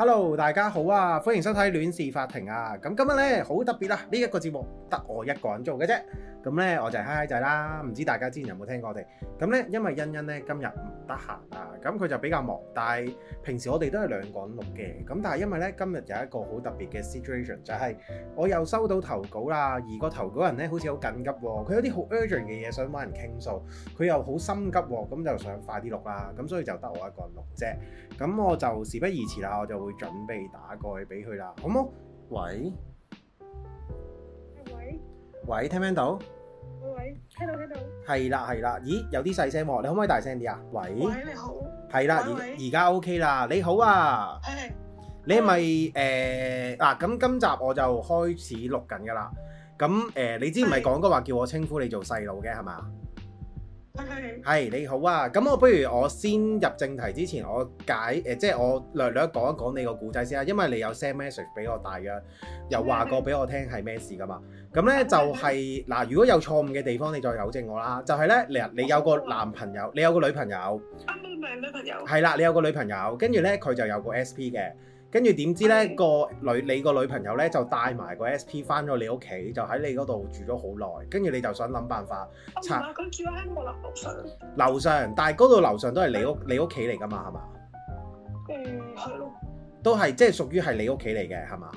Hello，大家好啊，歡迎收睇《戀事法庭》啊，咁今日咧好特別啊，呢、這、一個節目得我一個人做嘅啫。咁咧，我就係嗨嗨仔啦，唔知大家之前有冇聽過我哋？咁咧，因為欣欣咧今日唔得閒啊，咁佢就比較忙。但係平時我哋都係兩個人錄嘅。咁但係因為咧今日有一個好特別嘅 situation，就係我又收到投稿啦，而個投稿人咧好似好緊急，佢有啲好 urgent 嘅嘢想揾人傾訴，佢又好心急，咁就想快啲錄啦。咁所以就得我一個人錄啫。咁我就事不宜遲啦，我就會準備打過去俾佢啦，好冇？喂？喂，聽唔聽到？喂，聽到聽到。係啦係啦，咦，有啲細聲喎，你可唔可以大聲啲啊？喂，你好喂。係啦喂，而而家 OK 啦，你好啊。的你係咪誒嗱？咁、呃的啊、今集我就開始錄緊㗎啦。咁誒、呃，你之前咪講過話叫我稱呼你做細路嘅係嘛？係 Hi.、hey, 你好啊，咁我不如我先入正題之前，我解誒、呃，即係我略略講一講你個故仔先啊，因為你有 send message 俾我大約，又話過俾我聽係咩事噶嘛，咁咧、mm hmm. 就係、是、嗱、mm hmm.，如果有錯誤嘅地方，你再糾正我啦。就係、是、咧，你你有個男朋友，你有個女朋友，唔係女朋友，係、hmm. 啦，你有個女朋友，跟住咧佢就有個 S P 嘅。跟住點知呢？個女你個女朋友呢，就帶埋個 S P 返咗你屋企，就喺你嗰度住咗好耐。跟住你就想諗辦法拆佢住喺我樓上。樓上，但係嗰度樓上都係你屋你屋企嚟噶嘛？係嘛？都係即係屬於係你屋企嚟嘅係嘛？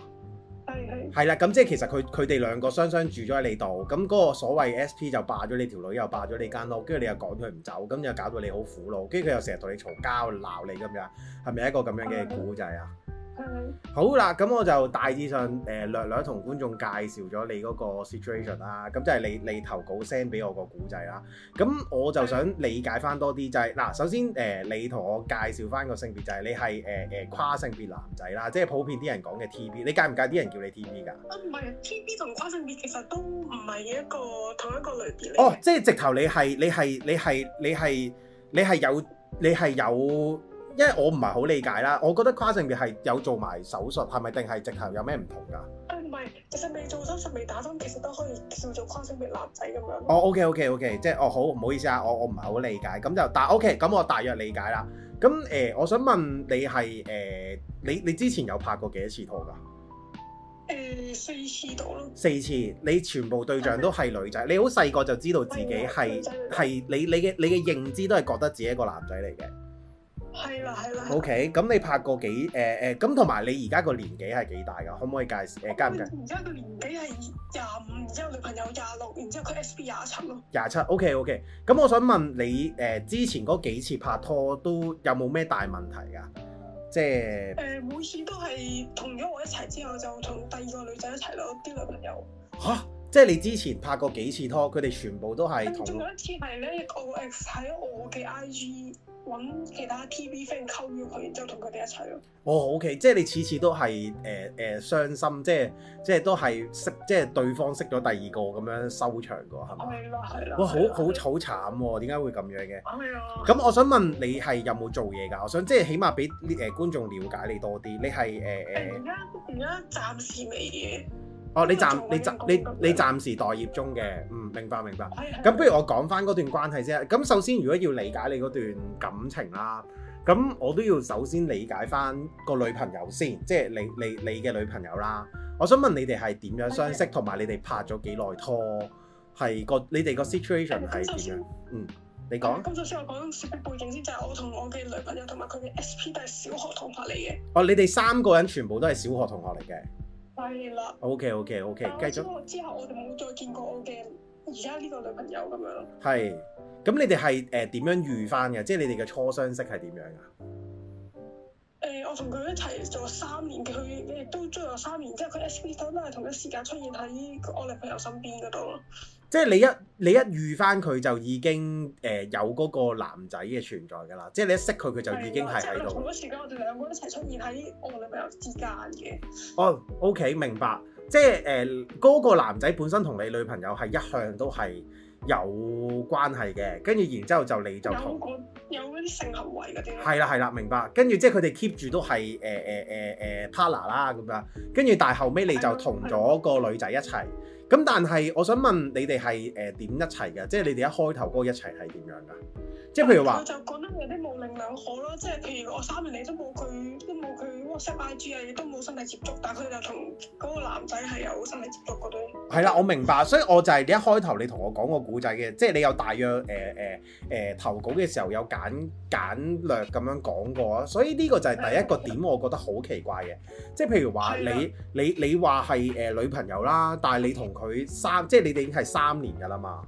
係係。係啦，咁即係其實佢佢哋兩個雙雙住咗喺你度，咁嗰個所謂 S P 就霸咗你條女，又霸咗你間屋，跟住你又趕佢唔走，咁又搞到你好苦惱，跟住佢又成日同你嘈交鬧你咁樣，係咪一個咁樣嘅故仔啊？係、嗯、好啦，咁我就大致上誒、呃、略略同觀眾介紹咗你嗰個 situation 啦。咁就係你你投稿 send 俾我個古仔啦。咁我就想理解翻多啲，就係、是、嗱，首先誒、呃，你同我介紹翻個性別，就係、是、你係誒誒跨性別男仔啦，即係普遍啲人講嘅 TB。你介唔介啲人叫你 TB 噶？啊唔係，TB 同跨性別其實都唔係一個同一個類別哦，即係直頭你係你係你係你係你係有你係有。因為我唔係好理解啦，我覺得跨性別係有做埋手術，係咪定係直頭有咩唔同㗎？唔係，其實未做手術、未打針，其實都可以做做跨性別男仔咁樣。哦，OK，OK，OK，即係哦，好，唔好意思啊，我我唔係好理解，咁就但 OK，咁我大約理解啦。咁誒，我想問你係誒，你你之前有拍過幾多次拖㗎？誒四次到囉。四次，你全部對象都係女仔，你好細個就知道自己係係你你嘅你嘅認知都係覺得自己一個男仔嚟嘅。係啦係啦。O K，咁你拍過幾誒誒？咁同埋你而家個年紀係幾大噶？可唔可以介誒介唔介？而家個年紀係廿五，然之後女朋友廿六，然之後佢 S B 廿七咯。廿七。O K O K。咁我想問你誒、呃，之前嗰幾次拍拖都有冇咩大問題噶？即係誒、呃，每次都係同咗我一齊之後，就同第二個女仔一齊咯。啲女朋友吓、啊，即係你之前拍過幾次拖，佢哋全部都係同。仲、嗯、有一次係咧，O X 喺我嘅 I G。揾其他 TV fan 溝約佢，然之後同佢哋一齊咯。哦、oh，OK，即係你次次都係誒誒傷心，即係即係都係識，即係對方識咗第二個咁樣收場過，係咪？係啦，哇，好好好慘喎、啊，點解會咁樣嘅？咁了、嗯、我想問你係有冇做嘢㗎？我想即係起碼俾誒、呃、觀眾了解你多啲。你係誒誒？而家而家暫時未嘅。哦，你暫你暫你你暫時待業中嘅，嗯，明白明白。咁、哎、不如我講翻嗰段關係先。咁首先，如果要理解你嗰段感情啦，咁我都要首先理解翻個女朋友先，即係你你你嘅女朋友啦。我想問你哋係點樣相識，同埋的你哋拍咗幾耐拖，係個你哋個 situation 係點樣？哎、嗯，你講。咁、哎、首先我講啲背景先，就係、是、我同我嘅女朋友同埋佢嘅 SP 都係小學同學嚟嘅。哦，你哋三個人全部都係小學同學嚟嘅。係啦。O K O K O K，繼續。Okay, okay, okay, 之後我就冇再見過我嘅而家呢個女朋友咁樣。係，咁你哋係誒點樣遇返㗎？即係你哋嘅初相識係點樣㗎？誒、欸，我同佢一齊做三年，嘅，佢亦都追咗三年，之後佢 S B 都係同一時間出現喺我女朋友身邊嗰度。即係你一你一遇翻佢就已經誒、呃、有嗰個男仔嘅存在㗎啦，即係你一識佢佢就已經係喺度。即係時間，我哋兩個一齊出現喺我女朋友之間嘅。哦、oh，OK，明白。即係誒嗰個男仔本身同你女朋友係一向都係有關係嘅，跟住然之後就你就同佢有嗰啲性行為嗰啲。係啦係啦，明白。跟住即係佢哋 keep 住都係誒誒誒誒 partner 啦咁樣。跟、呃、住、呃呃、但係後尾你就同咗個女仔一齊。咁但係，我想問你哋係誒點一齊嘅？即係你哋一開頭嗰個一齊係點樣噶？即係譬如話，我就覺得有啲模棱兩可咯，即係譬如我三年嚟都冇佢，都冇佢。我識 I G 啊，亦都冇心理接觸，但佢就同嗰個男仔係有心理接觸嗰對。係啦、嗯啊啊，我明白，所以我就係一開頭你同我講個古仔嘅，即係你有大約誒誒誒投稿嘅時候有簡簡略咁樣講過啊，所以呢個就係第一個點，我覺得好奇怪嘅，即係譬如話你的你你話係誒女朋友啦，但係你同佢三 Okay. 即係你哋已經係三年㗎啦嘛。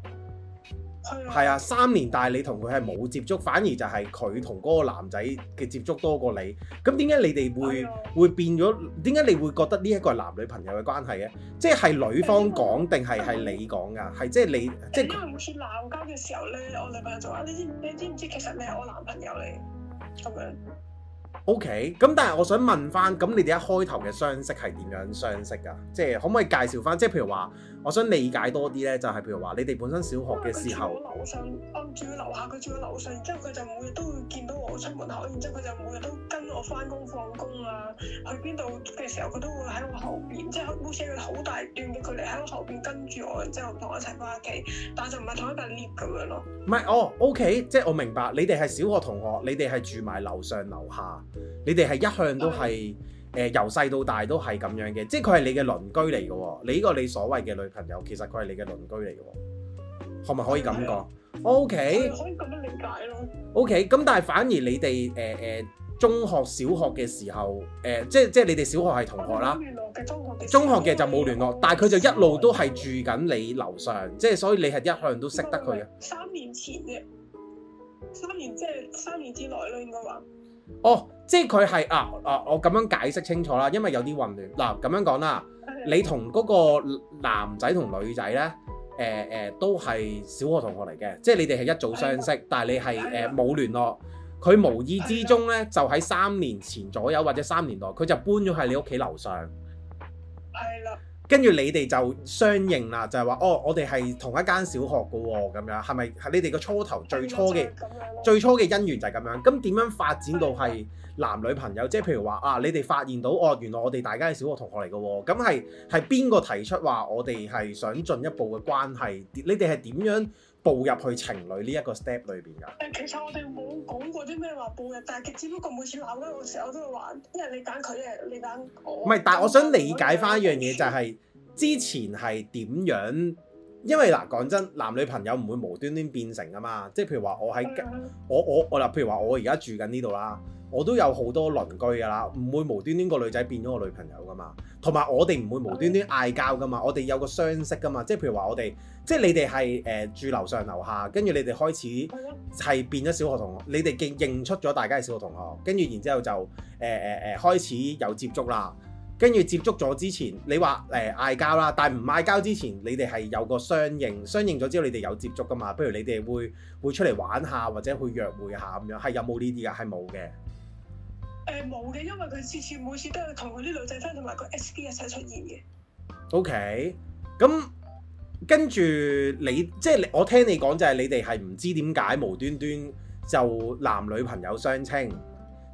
係啊，三年，但係你同佢係冇接觸，反而就係佢同嗰個男仔嘅接觸多過你。咁點解你哋會會變咗？點解你會覺得呢一個係男女朋友嘅關係嘅？即係係女方講定係係你講啊？係即係你即係。當我哋開始鬧交嘅時候咧，我，女朋我男朋友就話：你知你知唔知其實你係我男朋友嚟咁樣。O K，咁但係我想問翻，咁你哋一開頭嘅相識係點樣相識啊？即係可唔可以介紹翻？即係譬如話。我想理解多啲咧，就係、係、譬如話，你哋本身小學嘅時候，住樓上，我、嗯、住喺樓下，佢住喺樓上，之後佢就每日都會見到我出門口，然之後佢就每日都跟我翻工放工啊，去邊度嘅時候佢都會喺我後邊，即係好似係好大段嘅距離喺我後邊跟住我，然之後同我一齊翻屋企，但係就唔係同一個 lift 咁樣咯。唔係，哦、oh，OK，即係我明白，你哋係小學同學，你哋係住埋樓上樓下，你哋係一向都係。嗯誒由細到大都係咁樣嘅，即係佢係你嘅鄰居嚟嘅喎。你呢個你所謂嘅女朋友，其實佢係你嘅鄰居嚟嘅喎，可唔可以咁講？OK，我可以咁樣理解咯。OK，咁但係反而你哋誒誒中學、小學嘅時候，誒即係即係你哋小學係同學啦。中學嘅就冇聯絡，但係佢就一路都係住緊你樓上，即係所以你係一向都識得佢嘅。三年前嘅，三年即係三年之內啦，應該話。哦，即係佢係啊啊，我咁樣解釋清楚啦，因為有啲混亂。嗱，咁樣講啦，你同嗰個男仔同女仔咧，誒、呃、誒，都係小學同學嚟嘅，即係你哋係一早相識，的但係你係誒冇聯絡，佢無意之中咧就喺三年前左右或者三年內，佢就搬咗喺你屋企樓上。係啦。跟住你哋就相認啦，就係、是、話哦，我哋係同一間小學㗎喎、哦，咁樣係咪？係你哋個初頭最初嘅最初嘅因緣就係咁樣。咁點樣發展到係？男女朋友，即係譬如話啊，你哋發現到哦，原來我哋大家係小學同學嚟嘅喎，咁係係邊個提出話我哋係想進一步嘅關係？你哋係點樣步入去情侶呢一個 step 裏邊㗎？其實我哋冇講過啲咩話步入，但係佢只不過每次鬧我嗰時候都會話因為你等佢嘅，你等我。唔係，但係我想理解翻一樣嘢，就係之前係點樣？因為嗱，講真，男女朋友唔會無端端變成㗎嘛。即係譬如話，我喺我我我啦，譬如話，我而家住緊呢度啦。我都有好多鄰居㗎啦，唔會無端端個女仔變咗個女朋友㗎嘛。同埋我哋唔會無端端嗌交㗎嘛。我哋有個相識㗎嘛。即係譬如話我哋，即係你哋係誒住樓上樓下，跟住你哋開始係變咗小學同學。你哋認出咗大家係小學同學，跟住然之後就誒誒誒開始有接觸啦。跟住接觸咗之前，你話誒嗌交啦，但係唔嗌交之前，你哋係有個相認，相認咗之後，你哋有接觸㗎嘛。不如你哋會會出嚟玩下或者去約會下咁樣，係有冇呢啲㗎？係冇嘅。誒冇嘅，因為佢次次每次都係同佢啲女仔 friend 同埋個 SB 一齊出現嘅。OK，咁跟住你，即係我聽你講就係你哋係唔知點解無端端就男女朋友相稱，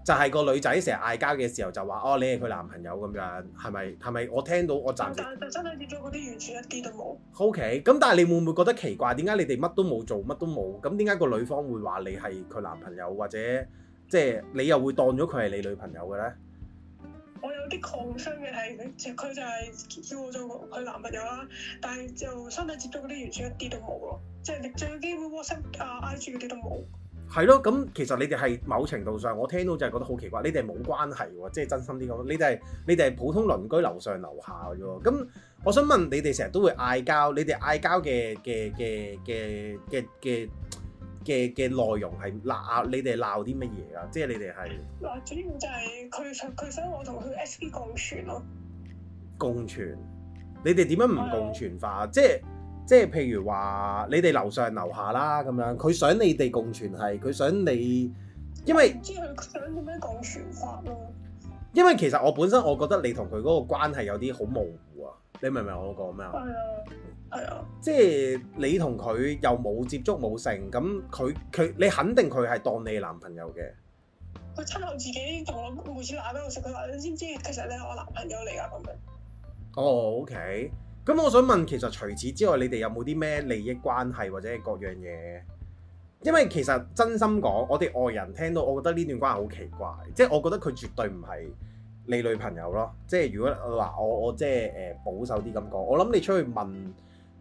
就係個女仔成日嗌交嘅時候就話哦，oh, 你係佢男朋友咁樣，係咪？係咪？我聽到我暫時、嗯。但係就真係跌咗嗰啲完全一啲都冇。OK，咁但係你會唔會覺得奇怪？點解你哋乜都冇做，乜都冇？咁點解個女方會話你係佢男朋友或者？即係你又會當咗佢係你女朋友嘅咧？我有啲抗傷嘅係，佢就係叫我做佢男朋友啦，但係就身體接觸嗰啲完全一啲都冇咯，即係最基本 WhatsApp 啊、IG 嗰啲都冇。係咯，咁其實你哋係某程度上，我聽到就係覺得好奇怪，你哋冇關係喎，即係真心啲講，你哋你哋係普通鄰居樓上樓下嘅啫。咁我想問你哋成日都會嗌交，你哋嗌交嘅嘅嘅嘅嘅嘅。嘅嘅內容係鬧你哋鬧啲乜嘢啊？即係你哋係嗱，主要就係佢想佢想我同佢 S P 共存咯。共存，你哋點樣唔共存化？對即係即係譬如話你哋樓上樓下啦咁樣，佢想你哋共存係佢想你，因為唔知佢想點樣共存法咯。因為其實我本身我覺得你同佢嗰個關係有啲好模糊啊，你明唔明我講咩啊？對係啊，即係你同佢又冇接觸冇成，咁佢佢你肯定佢係當你男朋友嘅。佢親口自己同我無線嗌俾我食，佢話你知唔知？其實你係我男朋友嚟㗎咁樣。哦，oh，OK，咁我想問，其實除此之外，你哋有冇啲咩利益關係或者各樣嘢？因為其實真心講，我哋外人聽到，我覺得呢段關係好奇怪。即係我覺得佢絕對唔係你女朋友咯。即係如果話，我我即係誒保守啲咁講，我諗你出去問。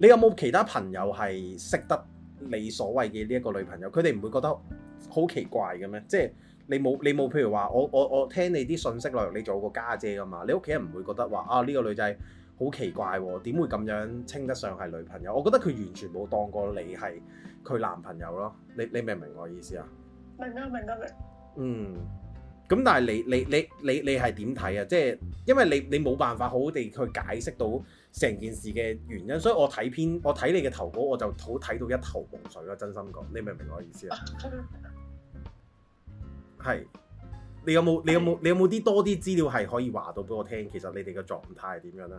你有冇其他朋友係識得你所謂嘅呢一個女朋友？佢哋唔會覺得好奇怪嘅咩？即係你冇你冇，譬如話我我我聽你啲信息內容，你做個家姐噶嘛？你屋企人唔會覺得話啊呢個女仔好奇怪喎，點會咁樣稱得上係女朋友？我覺得佢完全冇當過你係佢男朋友咯。你你明唔明我意思啊？明啊明啊明。嗯，咁但係你你你你你係點睇啊？即係因為你你冇辦法好好地去解釋到成件事嘅原因，所以我睇篇我睇你嘅投稿，我就好睇到一頭霧水咯，真心講，你明唔明我意思啊？係。 你有冇？你有冇？你有冇啲多啲資料係可以話到俾我聽？其實你哋嘅狀態係點樣咧？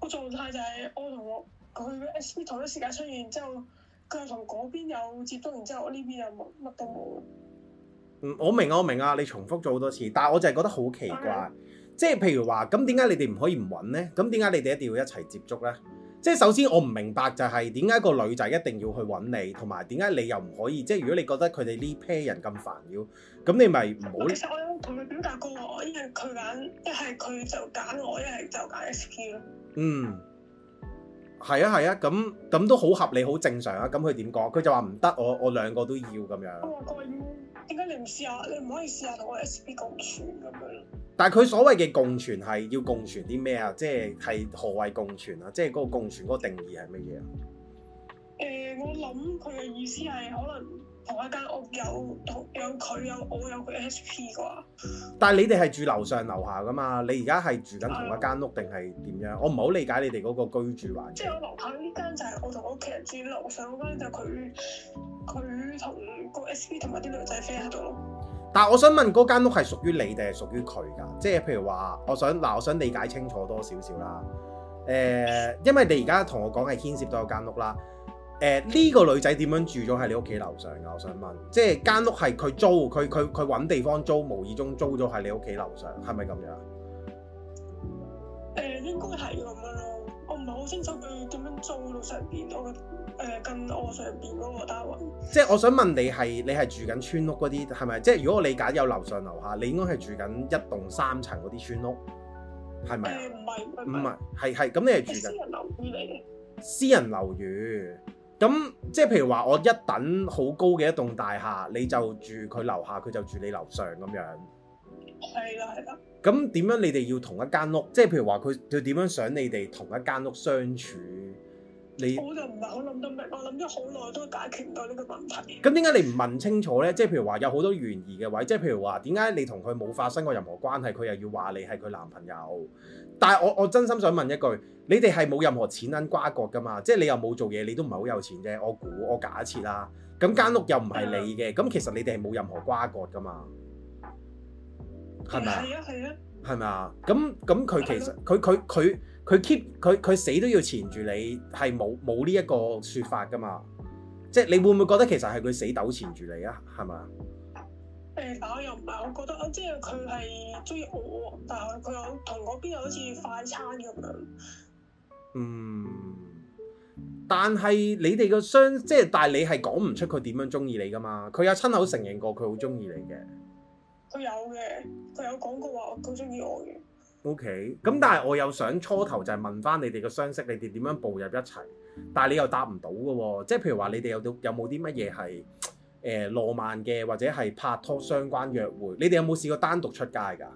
個狀態就係我同我佢 SB 同一時間出現，之後佢又同嗰邊有接觸，然之後我呢邊又冇乜都冇。嗯，我明啊，我明啊，你重複咗好多次，但係我就係覺得好奇怪。 即係譬如話，咁點解你哋唔可以唔搵呢？咁點解你哋一定要一齊接觸呢？即係首先我唔明白就係點解個女仔一定要去搵你，同埋點解你又唔可以？即係如果你覺得佢哋呢 pair 人咁煩擾，咁你咪唔好咧。其實我有同佢表達過，因為佢揀，一係佢就揀我，一係就揀 S P 咯、嗯啊啊。嗯，係啊係啊，咁咁都好合理，好正常啊。咁佢點講？佢就話唔得，我我兩個都要咁樣。點解你唔試下？你唔可以試下同我 S P 共存咁樣。但係佢所謂嘅共存係要共存啲咩啊？即係係何為共存啊？即係嗰個共存嗰個定義係乜嘢啊？誒、嗯，我諗佢嘅意思係可能同一間屋有同有佢有我有佢 SP 啩。但係你哋係住樓上樓下㗎嘛？你而家係住緊同一間屋定係點樣？嗯、我唔係好理解你哋嗰個居住環境。即係我樓下呢間就係我同屋企人住，樓上嗰間就佢佢同個 SP 同埋啲女仔 friend 喺度。但我想問嗰間屋係屬於你定係屬於佢㗎？即係譬如話，我想嗱，我想理解清楚多少少啦。誒、呃，因為你而家同我講係牽涉到間屋啦。誒、呃，呢、呢個女仔點樣住咗喺你屋企樓上㗎？我想問，即係間屋係佢租，佢佢佢揾地方租，無意中租咗喺你屋企樓上，係咪咁樣？應該係咁樣咯，我唔係好清楚佢點樣租到上邊。我覺得誒，跟我上邊嗰個 David，即係我想問你係你係住緊村屋嗰啲係咪？即係如果我理解有樓上樓下，你應該係住緊一棟三層嗰啲村屋，係咪啊？唔係唔係，係係咁，是是你係住緊私人樓宇嚟嘅。私人樓宇咁，即係譬如話，我一等好高嘅一棟大廈，你就住佢樓下，佢就住你樓上咁樣。係啦，係啦。咁點樣你哋要同一間屋？即係譬如話佢，佢點樣想你哋同一間屋相處？你我就唔係好諗得明，我諗咗好耐都解決唔到呢個問題。咁點解你唔問清楚呢？即係譬如話有好多懸疑嘅位，即係譬如話點解你同佢冇發生過任何關係，佢又要話你係佢男朋友？但係我我真心想問一句，你哋係冇任何錢銀瓜葛噶嘛？即係你又冇做嘢，你都唔係好有錢啫。我估我假設啦，咁間屋又唔係你嘅，咁、嗯、其實你哋係冇任何瓜葛噶嘛？係咪啊？係啊，係啊。係咪啊？咁咁，佢其實佢佢佢佢 keep 佢佢死都要纏住你，係冇冇呢一個說法噶嘛？即係你會唔會覺得其實係佢死糾纏住你啊？係咪啊？誒，但我又唔係，我覺得即係佢係中意我，但係佢又同嗰邊又好似快餐咁樣。嗯，但係你哋嘅雙即係，但係你係講唔出佢點樣中意你噶嘛？佢有親口承認過佢好中意你嘅。佢有嘅，佢有講過話佢中意我嘅。O K，咁但係我又想初頭就係問翻你哋嘅相識，你哋點樣步入一齊？但係你又答唔到嘅喎，即係譬如話你哋有有冇啲乜嘢係誒浪漫嘅，或者係拍拖相關約會？你哋有冇試過單獨出街㗎？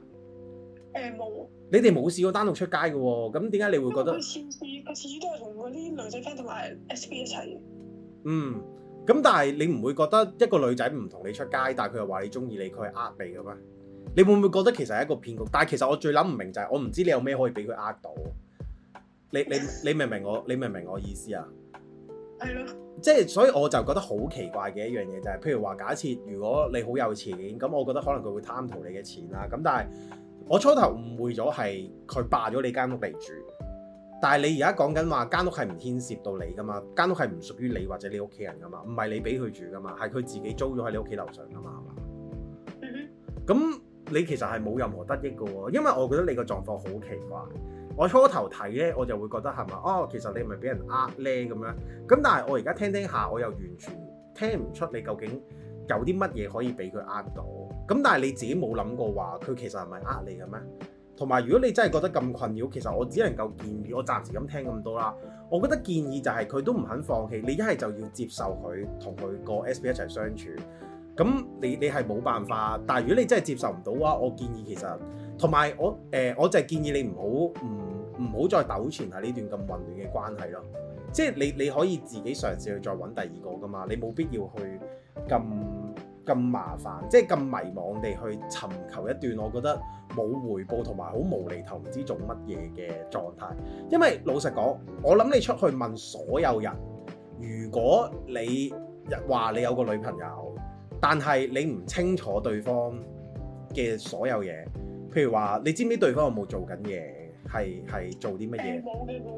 誒冇、呃。你哋冇試過單獨出街嘅喎，咁點解你會覺得？佢次次佢次次都係同嗰啲女仔 friend 同埋 S B 一齊。嗯。咁但係你唔會覺得一個女仔唔同你出街，但係佢又話你鍾意你，佢係呃你㗎嘛？你會唔會覺得其實係一個騙局？但係其實我最諗唔明就係我唔知你有咩可以俾佢呃到。你你，你明唔明我？你明唔明我意思啊？係咯、哎呀。即係所以我就覺得好奇怪嘅一樣嘢就係、是，譬如話假設如果你好有錢，咁我覺得可能佢會貪圖你嘅錢啦。咁但係我初頭誤會咗係佢霸咗你間屋嚟住。但係你而家講緊話間屋係唔牽涉到你噶嘛？間屋係唔屬於你或者你屋企人噶嘛？唔係你俾佢住噶嘛？係佢自己租咗喺你屋企樓上噶嘛？係嘛？咁 你其實係冇任何得益嘅喎，因為我覺得你個狀況好奇怪。我初頭睇咧我就會覺得係咪哦，其實你係咪俾人呃咧咁樣。咁但係我而家聽聽下，我又完全聽唔出你究竟有啲乜嘢可以俾佢呃到。咁但係你自己冇諗過話佢其實係咪呃你嘅咩？同埋，如果你真係覺得咁困擾，其實我只能夠建議，我暫時咁聽咁多啦。我覺得建議就係佢都唔肯放棄，你一係就要接受佢同佢個 SB 一齊相處。咁你你係冇辦法。但係如果你真係接受唔到啊，我建議其實同埋我誒、呃，我就係建議你唔好唔唔好再糾纏下呢段咁混亂嘅關係咯。即係你你可以自己嘗試去再揾第二個㗎嘛，你冇必要去咁。咁麻煩，即係咁迷惘地去尋求一段我覺得冇回報同埋好無厘頭唔知做乜嘢嘅狀態。因為老實講，我諗你出去問所有人，如果你話你有個女朋友，但係你唔清楚對方嘅所有嘢，譬如話你知唔知對方有冇做緊嘢，係係做啲乜嘢？冇嘅，冇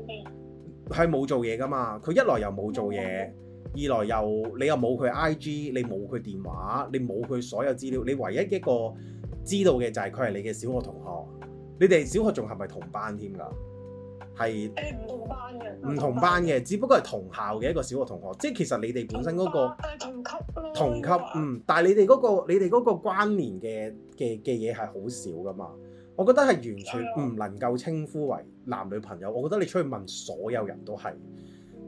係冇做嘢㗎嘛。佢一來又冇做嘢。二來又你又冇佢 IG，你冇佢電話，你冇佢所有資料，你唯一一個知道嘅就係佢係你嘅小學同學。你哋小學仲係咪同班添㗎？係唔同班嘅，唔同班嘅，只不過係同校嘅一個小學同學。即係其實你哋本身嗰個同級，嗯，但係你哋嗰個你哋嗰個關聯嘅嘅嘅嘢係好少噶嘛。我覺得係完全唔能夠稱呼為男女朋友。我覺得你出去問所有人都係。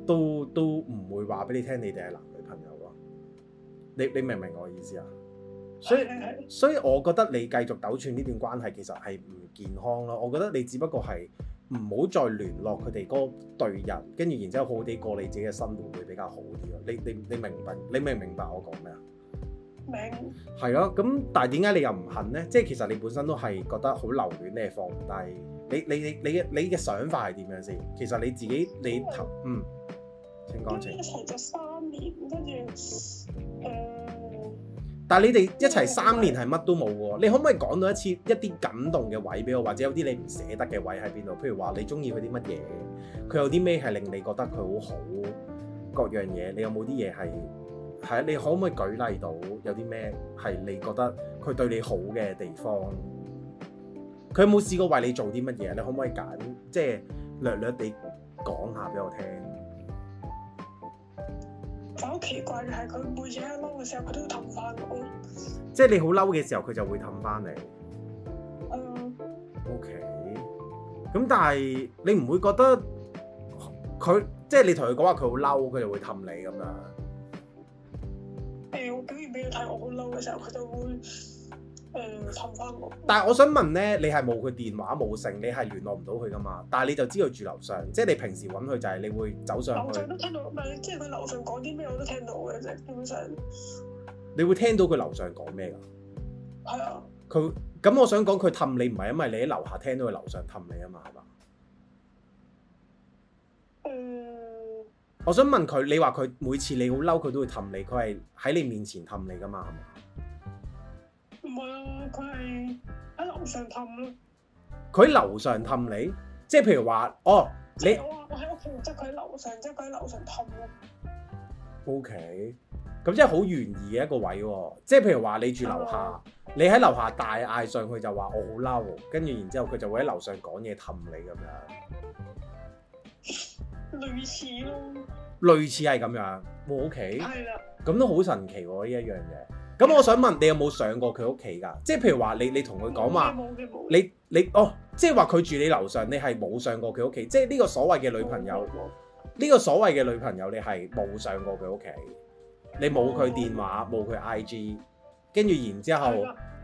都都唔會話俾你聽，你哋係男女朋友咯。你你明唔明我意思啊？ 所以所以，我覺得你繼續糾纏呢段關係，其實係唔健康咯。我覺得你只不過係唔好再聯絡佢哋嗰對人，跟住然之後好好地過你自己嘅生活會比較好啲咯。你你你明白？你明唔明白我講咩 啊？明。係咯，咁但係點解你又唔肯呢？即係其實你本身都係覺得好留戀，你係放唔低。你你你嘅你嘅想法係點樣先？其實你自己你嗯。 情一齊咗三年，跟住誒。但係你哋一齊三年係乜都冇喎，你可唔可以講到一次一啲感動嘅位俾我，或者有啲你唔捨得嘅位喺邊度？譬如話你中意佢啲乜嘢，佢有啲咩係令你覺得佢好好，各樣嘢，你有冇啲嘢係係啊？你可唔可以舉例到有啲咩係你覺得佢對你好嘅地方？佢有冇試過為你做啲乜嘢？你可唔可以揀，即係略略地講下俾我聽？就好奇怪嘅係，佢每次喺嬲嘅時候，佢都會氹翻我。即係你好嬲嘅時候，佢就會氹翻你。嗯。OK。咁但係你唔會覺得佢，即係你同佢講話佢好嬲，佢就會氹你咁樣。誒，我表現俾佢睇我好嬲嘅時候，佢就會。嗯，氹返我。但係我想問咧，你係冇佢電話冇剩，你係聯絡唔到佢㗎嘛？但係你就知道住樓上，即係你平時揾佢就係你會走上。樓上都聽到，唔係、嗯、即係佢樓上講啲咩我都聽到嘅啫，基本上。你會聽到佢樓上講咩㗎？係啊。佢咁我想講佢氹你唔係因為你喺樓下聽到佢樓上氹你啊嘛，係嘛？嗯。我想問佢，你話佢每次你好嬲佢都會氹你，佢係喺你面前氹你㗎嘛？係嘛？唔係啊，佢係喺樓上氹咯。佢喺樓上氹你，即係譬如話哦，我你我喺屋企，即係佢喺樓上，即係佢喺樓上 okay. 即係佢喺樓上氹咯。O K，咁即係好懸疑嘅一個位。即係譬如話你住樓下，啊、你喺樓下大嗌上去就話我好嬲，跟住然之後佢就會喺樓上講嘢氹你咁樣。類似咯。類似係咁樣，O K。係啦。咁都好神奇喎，啊，呢一樣嘢。咁、嗯、我想問你有冇上過佢屋企㗎？即係譬如話你你同佢講話，你 no, no, no. 你，你哦，即係話佢住你樓上，你係冇上過佢屋企。即係呢個所謂嘅女朋友，呢、no, no , no. 個所謂嘅女朋友你，你係冇上過佢屋企。你冇佢電話，冇佢 I G，跟住然之後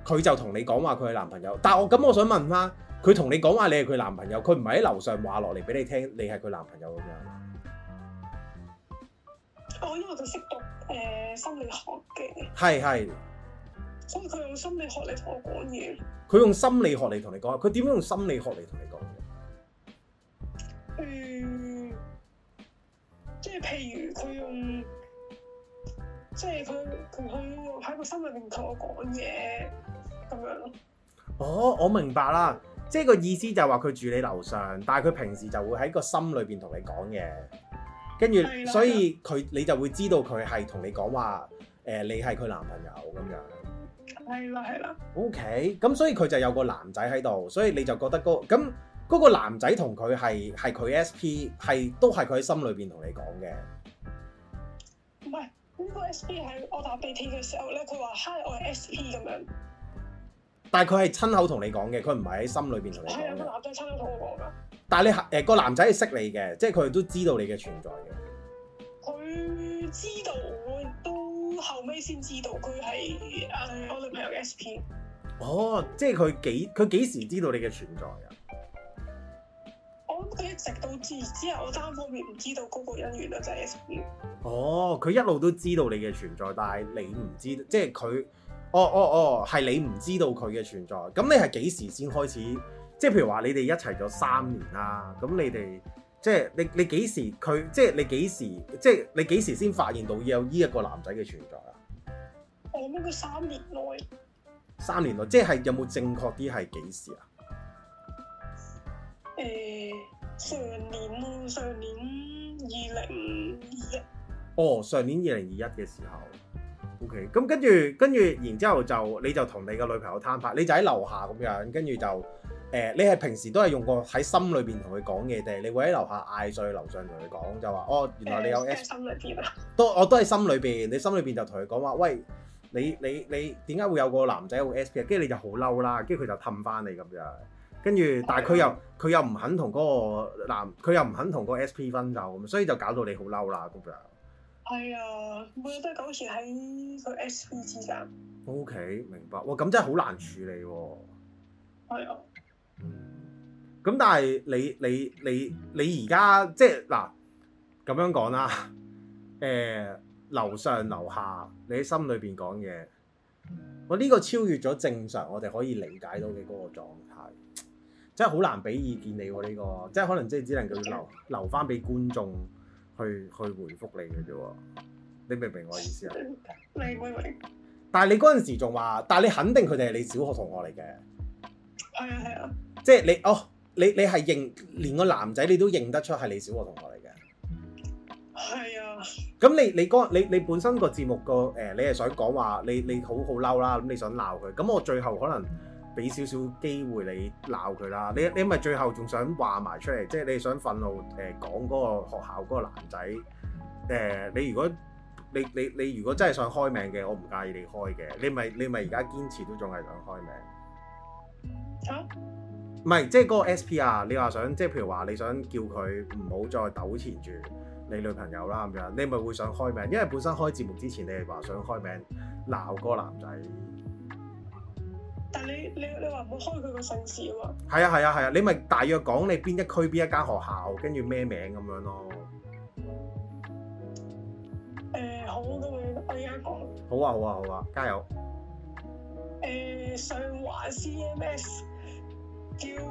佢就同你講話佢係男朋友。但係我咁我想問返，佢同你講話你係佢男朋友，佢唔係喺樓上話落嚟俾你聽，你係佢男朋友咁樣。我因為佢識讀誒心理學嘅，係係，所以佢用心理學嚟同我講嘢。佢用心理學嚟同你講，佢點樣用心理學嚟同你講嘢？誒、嗯，即係譬如佢用，即係佢佢佢喺個心裏邊同我講嘢咁樣囉。哦，我明白啦，即係個意思就係話佢住你樓上，但係佢平時就會喺個心裏邊同你講嘢。跟住，的所以佢的你就會知道佢係同你講話，誒、呃，你係佢男朋友咁樣。係啦，係啦。O K，咁所以佢就有個男仔喺度，所以你就覺得嗰、那個，咁嗰、那個男仔同佢係係佢 S P，係都係佢喺心裏邊同你講嘅。唔係，呢個 S P 係我搭地鐵嘅時候咧，佢話 hi，我係 S P 咁樣。但係佢係親口同你講嘅，佢唔係喺心裏邊同你講。係有個男仔親口同我講㗎。但係你係誒個男仔係識你嘅，即係佢都知道你嘅存在嘅。佢知道，我都後尾先知道佢係誒我女朋友嘅 S P。哦，即係佢幾佢幾時知道你嘅存在㗎？我諗佢一直都知，之，係我單方面唔知道嗰個人原來就係 S P。哦，佢一路都知道你嘅存在，但係你唔知，即係佢。哦哦哦，係、oh, oh, oh. 你唔知道佢嘅存在，咁你係幾時先開始？即係譬如話你哋一齊咗三年啦，啊，咁你哋即係你你幾時佢？即係你幾時，時？即係你幾時先發現到有呢一個男仔嘅存在啊？我諗佢三年內，三年內即係有冇正確啲係幾時啊？誒、呃，上年咯，上年二零二一。哦，上年二零二一嘅時候。咁、okay. 跟住，跟住，然之後就你就同你個女朋友攤牌，你就喺樓下咁樣，跟住就誒、呃，你係平時都係用個喺心裏邊同佢講嘢定係你會喺樓下嗌上去樓上同佢講？就話哦，原來你有 SP 啊、嗯！嗯嗯、都我都喺心裏邊，你心裏邊就同佢講話，喂，你你你點解會有個男仔有 SP 啊？跟住你就好嬲啦，跟住佢就氹翻你咁樣，跟住但係佢又佢、嗯、又唔肯同嗰個男，佢又唔肯同個 SP 分手咁，所以就搞到你好嬲啦咁樣。係啊，我都係久時喺個 S P 之間。O K，明白。哇，咁真係好難處理喎。係啊。咁、哎呦嗯、但係你你你你而家即係嗱，咁樣講啦。誒、呃，樓上樓下，你喺心裏邊講嘢，我呢、這個超越咗正常我哋可以理解到嘅嗰個狀態，真係好難俾意見你喎、啊。呢、這個即係可能即係只能夠留留翻俾觀眾。去去回覆你嘅啫喎，你明唔明我意思啊？ 你明唔明？但係你嗰陣時仲話，但係你肯定佢哋係你小學同學嚟嘅，係啊係啊，啊即係你哦，你你係認連個男仔你都認得出係你小學同學嚟嘅，係啊。咁你你你你本身個節目、嗰個誒，你係想講話你你好好嬲啦，咁你想鬧佢，咁我最後可能。俾少少機會你鬧佢啦，你你咪最後仲想話埋出嚟，即係你想憤怒誒、呃、講嗰個學校嗰個男仔誒、呃？你如果你你你如果真係想開名嘅，我唔介意你開嘅，你咪你咪而家堅持都仲係想開名？啊？唔係，即係嗰個 SP 啊，你話想即係譬如話你想叫佢唔好再糾纏住你女朋友啦咁樣，你咪會想開名，因為本身開節目之前你係話想開名鬧嗰個男仔。但你你你話唔好開佢個姓氏喎？係啊係啊係啊，你咪大約講你邊一區邊一間學校，跟住咩名咁樣咯？誒、呃，好咁樣，我而家講、啊。好啊好啊好啊，加油！誒、呃，上環 CMS 叫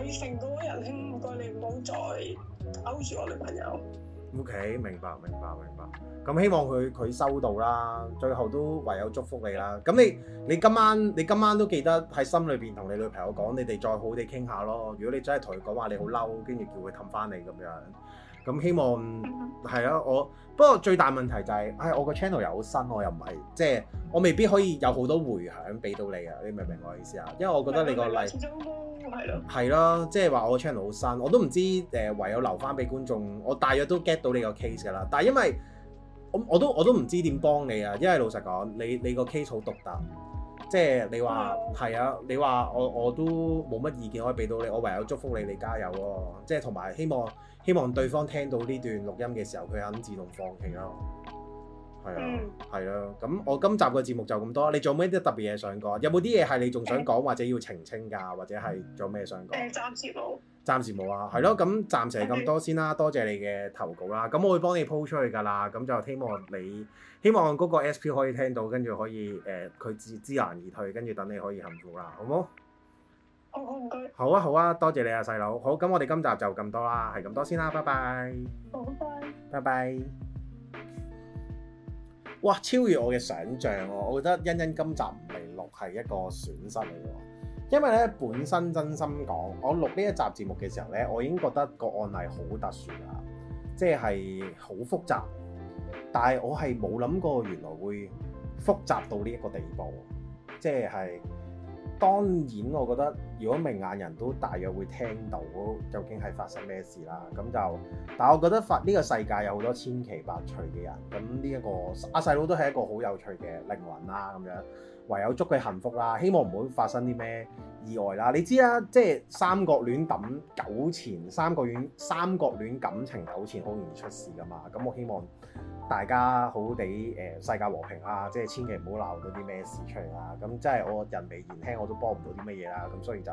偉成嗰個人，唔該你唔好再勾住我女朋友。O.K. 明白，明白，明白。咁希望佢佢收到啦。最後都唯有祝福你啦。咁你你今晚你今晚都記得喺心裏邊同你女朋友講，你哋再好地傾下咯。如果你真係同佢講話你好嬲，跟住叫佢氹翻你咁樣。咁希望係咯、啊，我不過最大問題就係、是，唉、哎，我個 channel 又好新，我又唔係即係，就是、我未必可以有好多迴響俾到你啊！你明唔明我意思啊？因為我覺得你個例係咯，即係話我個 channel 好新，我都唔知誒，唯有留翻俾觀眾。我大約都 get 到你個 case 㗎啦，但係因為我我都我都唔知點幫你啊！因為老實講，你你個 case 好獨特。即係你話係、嗯、啊，你話我我都冇乜意見可以俾到你，我唯有祝福你你加油喎、啊。即係同埋希望希望對方聽到呢段錄音嘅時候，佢肯自動放棄咯。係啊，係啊。咁、嗯啊、我今集嘅節目就咁多。你做咩啲特別嘢想講？有冇啲嘢係你仲想講或者要澄清㗎，或者係做咩想講？誒、嗯，暫時冇。暫時冇啊，係咯，咁暫時係咁多先啦，Okay. 多謝你嘅投稿啦，咁我會幫你鋪出去㗎啦，咁就希望你希望嗰個 SP 可以聽到，跟住可以誒佢、呃、自知難而退，跟住等你可以幸福啦，好唔好？Okay. 好，好唔該，好啊，多謝你啊，細佬。好，咁我哋今集就咁多啦，係咁多先啦，拜拜。拜拜拜。哇，超越我嘅想象喎，我覺得欣欣，欣今集唔嚟錄係一個損失嚟㗎。因為咧，本身真心講，我錄呢一集節目嘅時候咧，我已經覺得個案例好特殊啦，即係好複雜。但係我係冇諗過原來會複雜到呢一個地步，即係當然我覺得如果明眼人都大約會聽到究竟係發生咩事啦。咁就，但係我覺得發呢個世界有好多千奇百趣嘅人，咁呢、這個、一個阿細佬都係一個好有趣嘅靈魂啦，咁樣。唯有祝佢幸福啦，希望唔好發生啲咩意外啦。你知啦，即係三角戀揼糾纏，三角戀三角戀感情糾纏好容易出事噶嘛。咁我希望大家好地誒世界和平啊，即係千祈唔好鬧到啲咩事出嚟啦。咁即係我人微言輕，我都幫唔到啲乜嘢啦。咁所以就。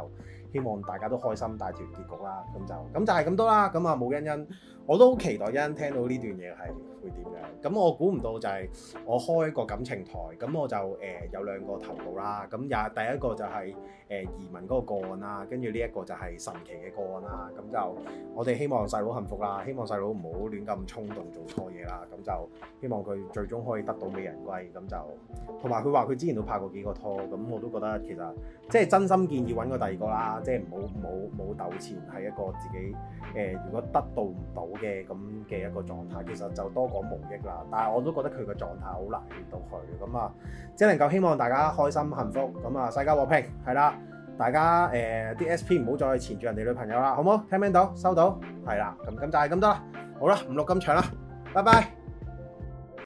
希望大家都開心大團圓結局啦，咁就咁就係咁多啦。咁啊冇恩恩，我都好期待恩恩聽到呢段嘢係會點樣嘅。咁我估唔到就係我開個感情台，咁我就誒、呃、有兩個投稿啦。咁也第一個就係誒移民嗰個個案啦，跟住呢一個就係神奇嘅個案啦。咁就我哋希望細佬幸福啦，希望細佬唔好亂咁衝動做錯嘢啦。咁就希望佢最終可以得到美人歸。咁就同埋佢話佢之前都拍過幾個拖，咁我都覺得其實即係真心建議揾個第二個啦。即係唔好，冇冇糾纏係一個自己誒、呃，如果得到唔到嘅咁嘅一個狀態，其實就多講無益啦。但係我都覺得佢個狀態好難捱到去咁啊，只能夠希望大家開心幸福咁啊，世界和平係啦。大家誒啲、呃、SP 唔好再纏住人哋女朋友啦，好冇？聽唔聽到？收到？係啦，咁咁就係咁多啦。好啦，唔錄咁長啦，拜拜。